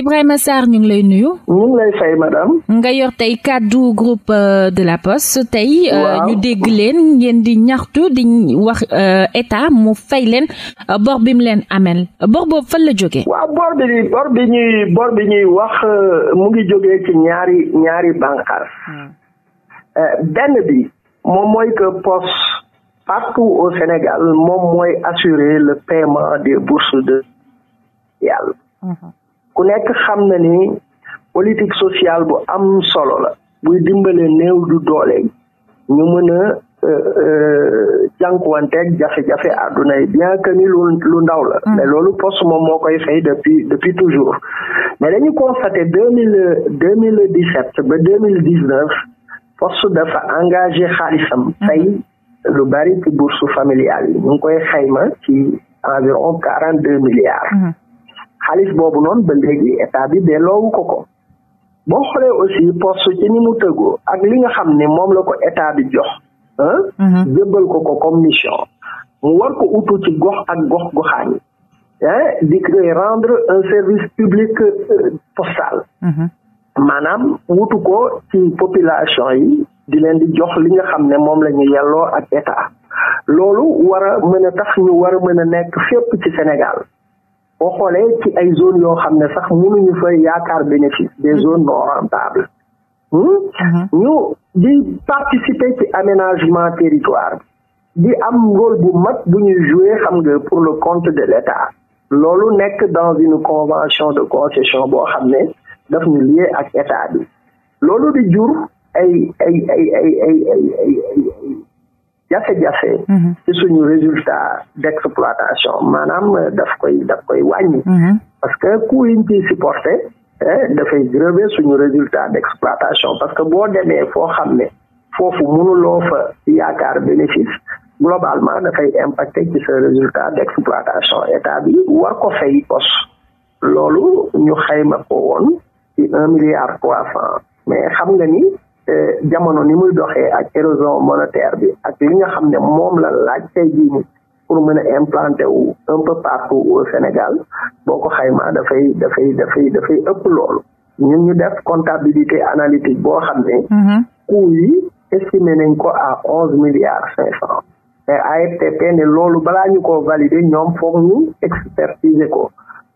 Ibrahima Sarr ñu ngi lay nuyu. ñu ngi lay fay madame. nga yor tey kàddu groupe euh, de la poste tey. Euh, ñu dégg leen ngeen di ñaxtu di wax euh, état mu fay leen bor bi la jógee. waaw bor bi ñuy bor ñuy wax mu ngi jógee ci ñaari ñaari hmm. benn bi moom mooy que poste partout au Sénégal moom mooy assurer le paiement des bourses de yàlla. Hmm. ku nekk xam na ni politique sociale bu am solo la buy dimbale néew du doole ñu mën a euh, euh, jànkuwanteeg jafe-jafe àdduna yi bien que ni lu ndaw la mm. mais loolu post moom moo koy fay depuis depuis toujours mais dañu constaté deux mille deux mille dix sept ba deux mille dix neuf poste dafa engagé xaalisam fay mm-hmm. lu bari ci bourse familiale yi ñu ngi koy xayma ci environ quarante deux milliards mm-hmm. xaalis boobu noonu ba léegi état bi delloowu ko ko boo xoolee aussi post ci ni mu tëggoo ak li nga xam ne moom la ko état bi jox ah ko ko comme mission ko utu ci gox ak gox goxaan yi di koy rendre un service public euh, postal mhm. maanaam wutu ko ci population yi di leen di jox li nga xam ne moom la ñu yelloo ak état loolu war a mën a tax ñu war a mën a nekk fépp ci Sénégal boo xoolee ci ay zone yoo xam ne sax mënuñu fa yaakaar bénéfice des mhm. zones non rentables hmm? mhm. ñu di participer ci aménagement territoire di am rôle bu mag bu ñu jouer xam nga pour le compte de l'État loolu nekk dans une convention de concession boo xam ne daf ñu lié ak état bi loolu di jur ay ay ay ay ay ay ay jafe-jafe mhm. ci suñu résultat d'exploitation maanaam euh, daf koy daf koy wàññi mhm. parce que coût yi ñu ciy supporté eh, dafay grever suñu résultat d'exploitation parce que boo demee foo xam ne foofu mënuloo fa yaakaar bénéfice globalement dafay impacter ci sa résultat d'exploitation état bi war ko fay pos loolu ñu xayma ko woon ci un milliard trois cent mais xam nga ni Eh, jamono ni muy doxee ak érosion monétaire bi ak li nga xam ne moom la laaj tey jii nii pour mën a implanter wu un peu partout au Sénégal boo ko xaymaa dafay dafay dafay dafay ëpp loolu ñu ñu def comptabilité analytique boo xam ne. Mhm. coût yi estimé nañ ko à onze milliards cinq cent. AFTP ne loolu balaa ñu ko valider ñoom foog ñu expertiser ko.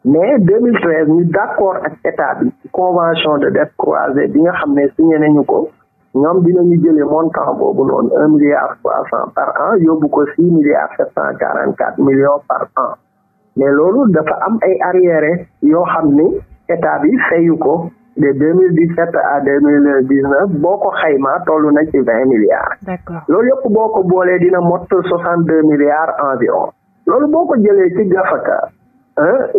mais 2013 ñu d'accord ak état bi ci convention de dette croisée bi nga xam ne si nañu ko ñoom dinañu jëlee montant boobu noonu un milliard trois cent par an yóbbu ko six milliards sept cent quarante quatre millions par an mais loolu dafa am ay arriérés yoo xam ni état bi fayu ko de deux mille dix sept à deux mille dix neuf boo ko xaymaa toll na ci vingt milliards. loolu yëpp boo ko boolee dina mot soixante deux milliards environ. loolu boo ko jëlee ci gafaka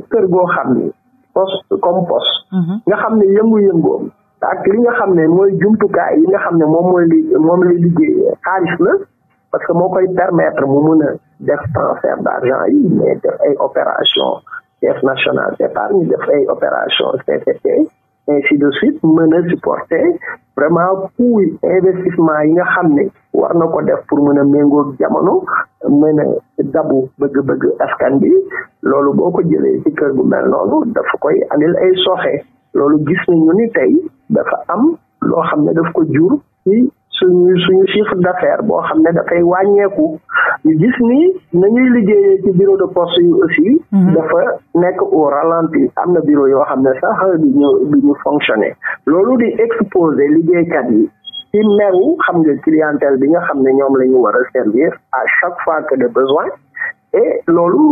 kër goo xam ni poste comme poste. Mhm. nga xam ne yëngu-yëngoom ak li nga xam ne mooy jumtukaay yi nga xam ne moom mooy li moom lay liggéeyee xaalis la parce que moo koy permettre mu mun a def transfert d' yi mais def ay opération caisse nationale d' épargne def ay opération CTT ainsi de suite mën a vraiment pour investissement yi nga xam ne war na ko def pour mën a méngoo jamono mën a dabu bëgg-bëgg askan bi loolu boo ko jëlee ci kër gu mel noonu dafa koy andil ay soxe loolu gis nañu ni tey dafa am loo xam ne daf ko jur ci suñu suñu boo xam ne dafay wàññeeku ñu gis ni nañuy liggéeyee ci bureau de poste yu aussi mhm. dafa nekk au ralenti am na bureau yoo xam ne sax du ñu du ñu fonctionner loolu di exposer liggéeykat yi ci meru xam nga clientèle bi nga xam ne ñoom lañu war a servir à chaque fois que de besoin et loolu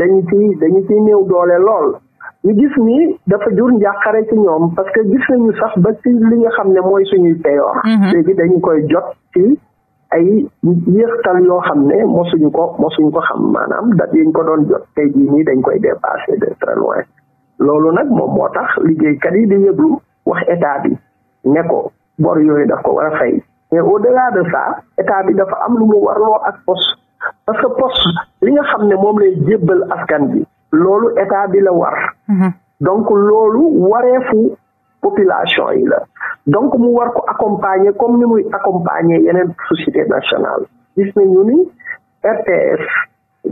dañu ci dañu ci néew doole lool ñu gis ni dafa jur njàqare ci ñoom parce que gis nañu sax ba ci li nga xam ne mooy suñuy payoor mm-hmm. léegi dañu koy jot ci ay yéextal yoo xam ne mosuñu ko mosuñu ko xam maanaam dat yañ ko doon jot tey jii nii dañ koy dépasser de très loolu nag moom moo tax liggéeykat yi di yëglu wax état bi ne bor yooyu daf ko war a fay mais au delà de ça état bi dafa am lu mu warloo ak poste parce que poste li nga xam ne moom lay jébbal askan bi loolu état bi la war mhm. donc loolu wareefu population yi la donc mu war ko accompagner comme ni muy accompagner yeneen société nationale gis nañu ni RTS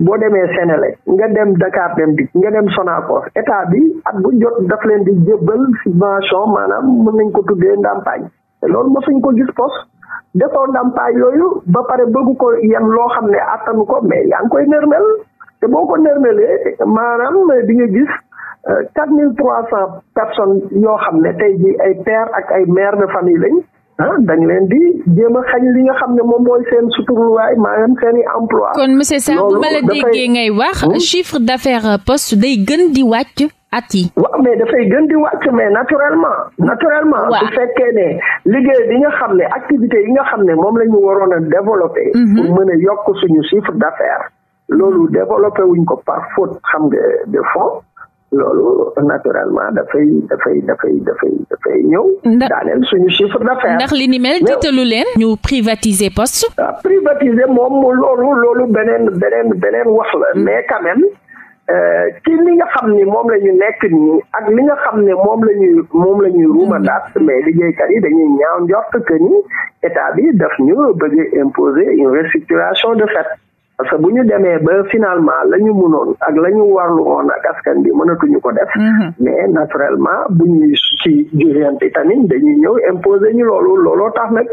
boo demee Sénélec nga dem Dakar dem dikk nga dem Sonacos état bi ak bu jot daf leen di jébbal subvention maanaam mën nañ ko tuddee ndàmpaay te loolu mosuñ ko gis pos defoo ndàmpaay yooyu ba pare bëgg ko yan loo xam ne attanu ko mais yaa ngi koy nërmel te boo ko nërmelee maanaam di nga gis euh, quatre mille trois cent personnes yoo xam ne tey ji ay père ak ay mère de famille lañ ah dañ leen di jéem a xañ li nga xam ne moom mooy seen suturluwaay maanaam seen i emploi kon monsieur Sarr bu déggee ngay wax hmm? chiffre d'affaires poste day gën di wàcc at yi waaw mais dafay gën di wàcc mais naturellement naturellement su fekkee ne liggéey bi nga xam ne activité yi nga xam ne moom la ñu waroon a développé mhm. pour mën a yokk suñu chiffre d'affaires loolu mhm. développé wuñ ko par faute xam nga de fonds loolu naturellement dafay dafay dafay dafay dafay ñëw. daaneel suñu chiffre d'affaires. ndax li ni mel jiitalu leen. ñu privatiser poste. ah privatiser moom loolu loolu beneen beneen beneen wax la hmm. mais quand même euh, ci li nga xam ni moom la ñu nekk nii ak li nga xam ne moom la moom la ñuy ruumandaat hmm. mais liggéeykat yi dañuy ñaaw njort que ni état bi daf ñu bëgg imposer une restructuration de fait. parce que bu ñu demee ba finalement la ñu mënoon ak la ñu warlu woon ak askan bi mënatuñu ko def. Mhm. mais naturellement bu ñuy ci juriante tamit dañuy ñëw imposer ñu loolu looloo tax nag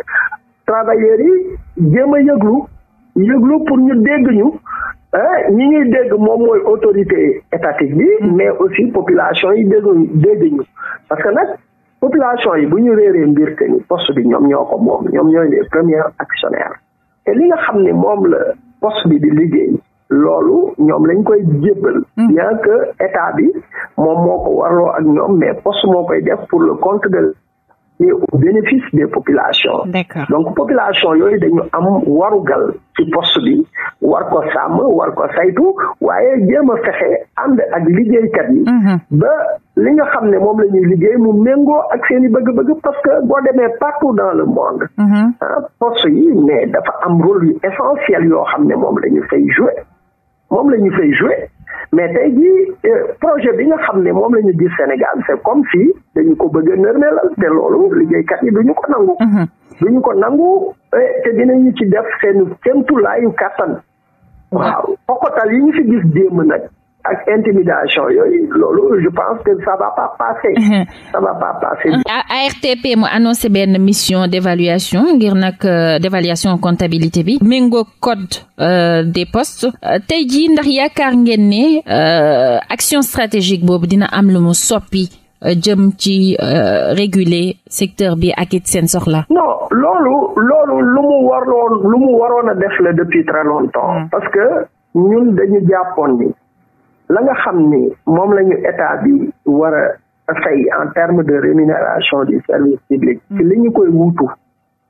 travailleurs yi jéem a yëglu yëglu pour ñu dégg ñu. ñi ñuy dégg moom mooy autorité étatique bi mhm. mais aussi population yi dégguñu dégg ñu parce que nag population yi bu ñu réeree mbir que poste bi ñoom ñoo ko moom ñoom ñooy les premiers actionnaires te li nga xam ne moom la poste bi di liggéey loolu ñoom lañ koy jébbal mm. bien que état bi moom moo ko warloo ak ñoom mais poste moo koy def pour le compte de et au bénéfice des population donc population yooyu dañu am warugal ci poste bi war ko sàmm war ko saytu waaye jéem a fexe ànd ak liggéeykat yi. Mm-hmm. ba li nga xam ne moom la ñuy liggéey mu méngoo ak seen i bëgg-bëgg parce que boo demee partout dans le monde. Mm-hmm. ah poste yi mais dafa am rôle yu essentiel yoo xam ne moom la ñu fay joué moom la ñu fay joué mais tey ji euh, projet bi nga xam ne moom la ñu gis Sénégal c'est comme si dañu ko bëgg a nërmeelal te loolu liggéeykat yi duñu ko nangu. Mm-hmm. duñu ko nangu eh, te dinañu ci def seen kéemtulaayu kattan. waaw xoqatal yi ñu fi gis démb nag. ak intimidation yooyu loolu je pense que ça va passer. Mhm. ARTP mu annoncé benn mission d'évaluation ngir nag euh, d'évaluation comptabilité bi. méngoo code euh, des postes. Euh, tey jii ndax yaakaar ngeen ne action stratégique boobu dina am lu mu soppi jëm ci réguler secteur bi ak it seen soxla. non loolu loolu lu mu waroon a def depuis très longtemps. Mm. parce que ñun dañu jàppoon ni. la nga xam ni moom la ñu état bi war a fay en terme de rémunération du service public ci mm. li ñu koy wuutu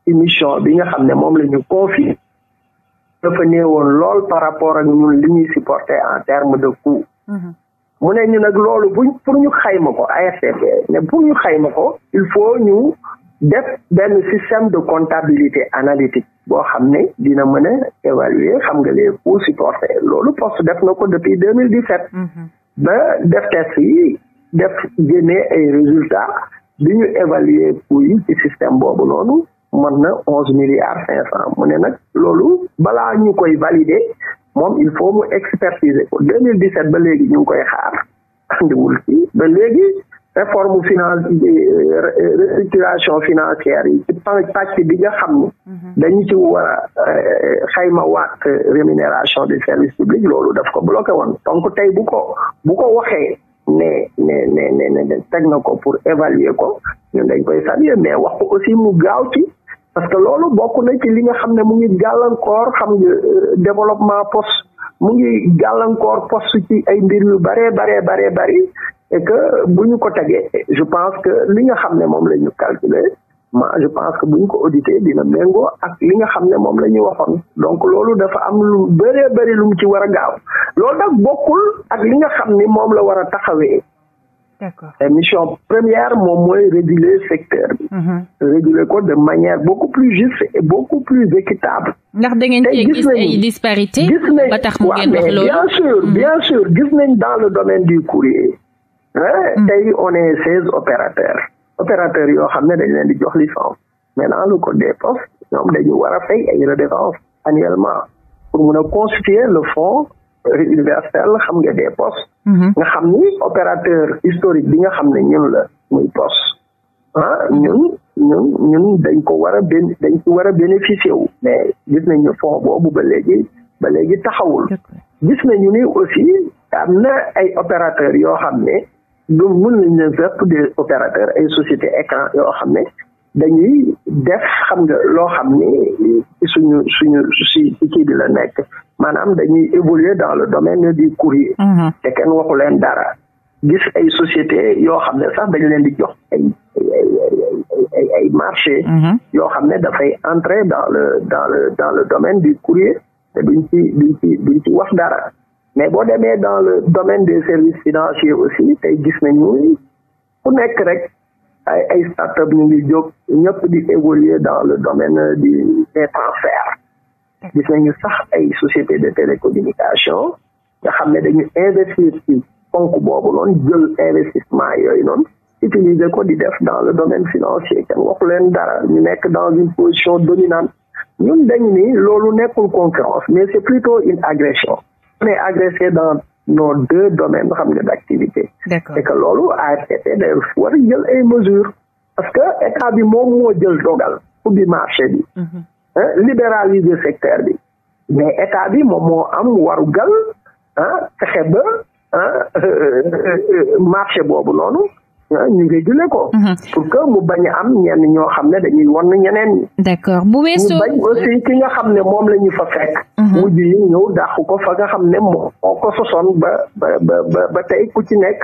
ci mission bi nga xam ne moom la ñu confié dafa woon lool par rapport ak ñun li ñuy supporter en terme de coût mm-hmm. mu ne ñu nag loolu pour ñu xayma ko ARTP ne pour ñu xayma ko il faut ñu def benn système de comptabilité analytique boo xam ne dina mën a évaluer xam nga les coûts supportés loolu poste def na ko depuis 2017. Mhm. ba def test yi def génne ay résultats bi ñu évaluer coûts yi ci système boobu noonu mën na onze milliards cinq cent mu ne nag loolu balaa ñu koy valider moom il faut mu expertiser ko 2017 ba léegi ñu ngi koy xaar andiwul ci ba léegi. réforme finance restructuration financière yi ci pàcc bi nga xam ni mhm. dañu ci war a euh, xayma waat rémunération de services publics loolu daf ko bloqué woon donc tey bu ko bu ko waxee ne ne ne ne ne teg na ko pour évaluer ko ñun dañ koy saluer mais wax ko aussi mu gaaw ci parce que loolu bokk na ci li nga xam ne mu ngi gàllankoor xam nga euh, développement poste mu ngi gàllankoor poste ci ay mbir yu baree baree baree bari e que bu ñu ko tegee je pense que li nga xam ne moom la ñu calculer ma je pense que bu ñu ko audité dina méngoo ak li nga xam ne moom la ñu waxoon donc loolu dafa am lu bëree bëri lu ci war a gaaw loolu nag bokkul ak li nga xam ni moom la war a taxawee. d'accord mission première moom mooy réguler secteur bi. Mm-hmm. réguler ko de manière beaucoup plus juste et beaucoup plus équitable. ndax da ngeen cee gis ay gis nañ ba tax mu ngeen wax loolu bien sûr mm-hmm. bien sûr gis nañ dans le domaine du Eh, mm. tey on est seize opérateurs opérateurs yoo xam ne dañ leen di jox licence maintenant le code des postes ñoom dañu war a fay ay redevance annuellement pour mun a constituer le fonds universel xam nga des postes mm-hmm. nga xam ni opérateur historique bi nga xam ne ñun la muy poste ah ñun ñun dañ ko war a dañ ko war a bénéficier wu mais gis nañu fonds boobu ba léegi ba léegi taxawul gis nañu ni aussi am na ay opérateurs yoo xam ne ñoom mën nañ leen faire des opérateur ay société écran yoo xam ne dañuy def xam nga loo xam ne suñu suñu si ci kii bi la nekk maanaam dañuy évoluer dans le domaine du courrier mm-hmm. te kenn waxu leen dara gis ay société yoo xam ne sax dañu leen di jox ay ay marché mm-hmm. yoo xam ne dafay entrer dans le dans le dans le domaine du courrier te duñ ci duñ ci wax dara mais boo demee dans le domaine des services financiers aussi tey gis nañu ku nekk rek ay ay start-up ñu ngi jóg ñëpp di évoluer dans le domaine du des transferts gis nañu sax ay société de télécommunication nga xam ne dañu investir ci fonk boobu noonu jël investissement yooyu noonu utiliser ko di def dans le domaine financier kenn waxu leen dara ñu nekk dans une position dominante ñun dañu ni loolu nekkul concurrence mais c'est plutôt une agression on est agressé dans nos deux domaines xam nga d'activité. d'accord et que loolu ARTP day war a jël ay mesures. parce que état bi moom moo jël dogal ubbi marché bi. Mhm. libéraliser secteur bi. mais état bi moom moo am warugal ah fexe ba ah marché boobu noonu. Ah, ñu ngi ko. Mm-hmm. pour que mu bañ am ñenn ñoo xam ne dañuy wan ñeneen. d'accord bu weesoo mu nga xam ne moom la ñu fa fekk. Mm-hmm. mujj yi ñëw dàq ko fa nga xam ne moo ko sosoon ba ba ba ba tey ku ci nekk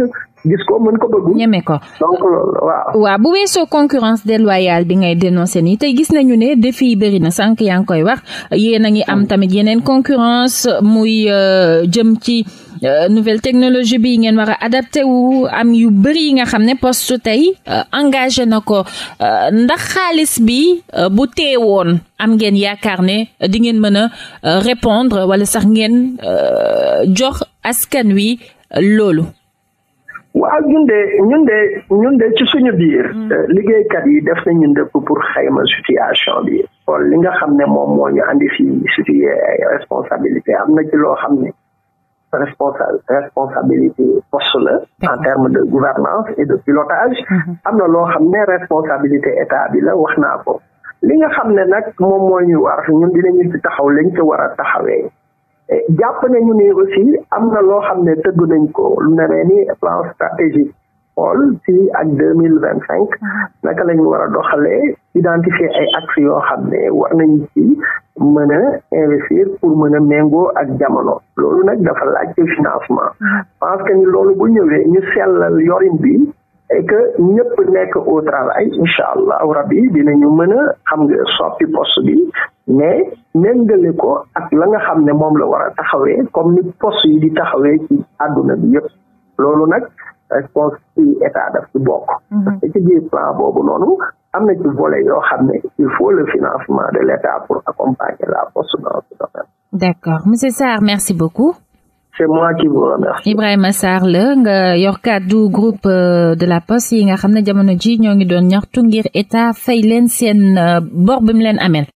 gis ko mën ko bëgg. ñeme ko donc loolu waaw. waaw bu weesoo concurrence déloyale bi ngay dénoncé nii tey gis nañu ne defi yi bëri na sànq yaa ngi koy wax yéen a ngi am mm-hmm. tamit yeneen concurrence muy euh, jëm ci. Euh, nouvelle technologie bi ngeen war a adapté wu am yu bëri yi nga xam ne poste tey euh, engage na ko euh, ndax xaalis bi bu teewoon am ngeen yaakaar ne di ngeen mën a répondre wala sax ngeen jox askan wi loolu waaw ñun de ñun de ci suñu biir mm. liggéeykat yi def nañu ndëpp pour xayma situation bi xool li nga xam ne moom moo ñu andi fii suñu responsabilité am na ci loo xam ne responsa responsabilité poste la en terme de gouvernance et de pilotage mm-hmm. am na loo xam ne responsabilité état bi la wax naa ko li nga xam ne nag moom moo ñu war ñun dinañu ci taxaw lañ ci war a taxawee eh, jàpp nañu ni aussi am na loo xam ne tëgg nañ ko lu demee ni plan stratégique xool ci ak deux mille vingt cinq ah. naka lañu war a doxalee identifier ay axes yoo xam ne war nañ ci mën a investir pour mën a méngoo ak jamono loolu nag dafa laaj ci financement parce ah. que ni loolu bu ñëwee ñu sellal yorin bi et que ñëpp nekk au travail incha allahu rabbi dinañu mën a xam nga soppi post bi mais méngale ko ak la nga xam ne moom la war a taxawee comme ni post yi di taxawee ci àdduna bi yëpp loolu nag réponse ci état daf ci bokk. Mhm. parce boobu noonu am na ci volet yoo xam il faut le financement de l' pour accompagner la poste dans ce domaine. d' monsieur Sarr merci beaucoup. c'est moi qui la nga yor kàddu groupe euh, de la poste yi nga xam ne jamono ji ñoo ngi doon ñaxtu ngir état fay leen seen euh, bor bi mu leen amel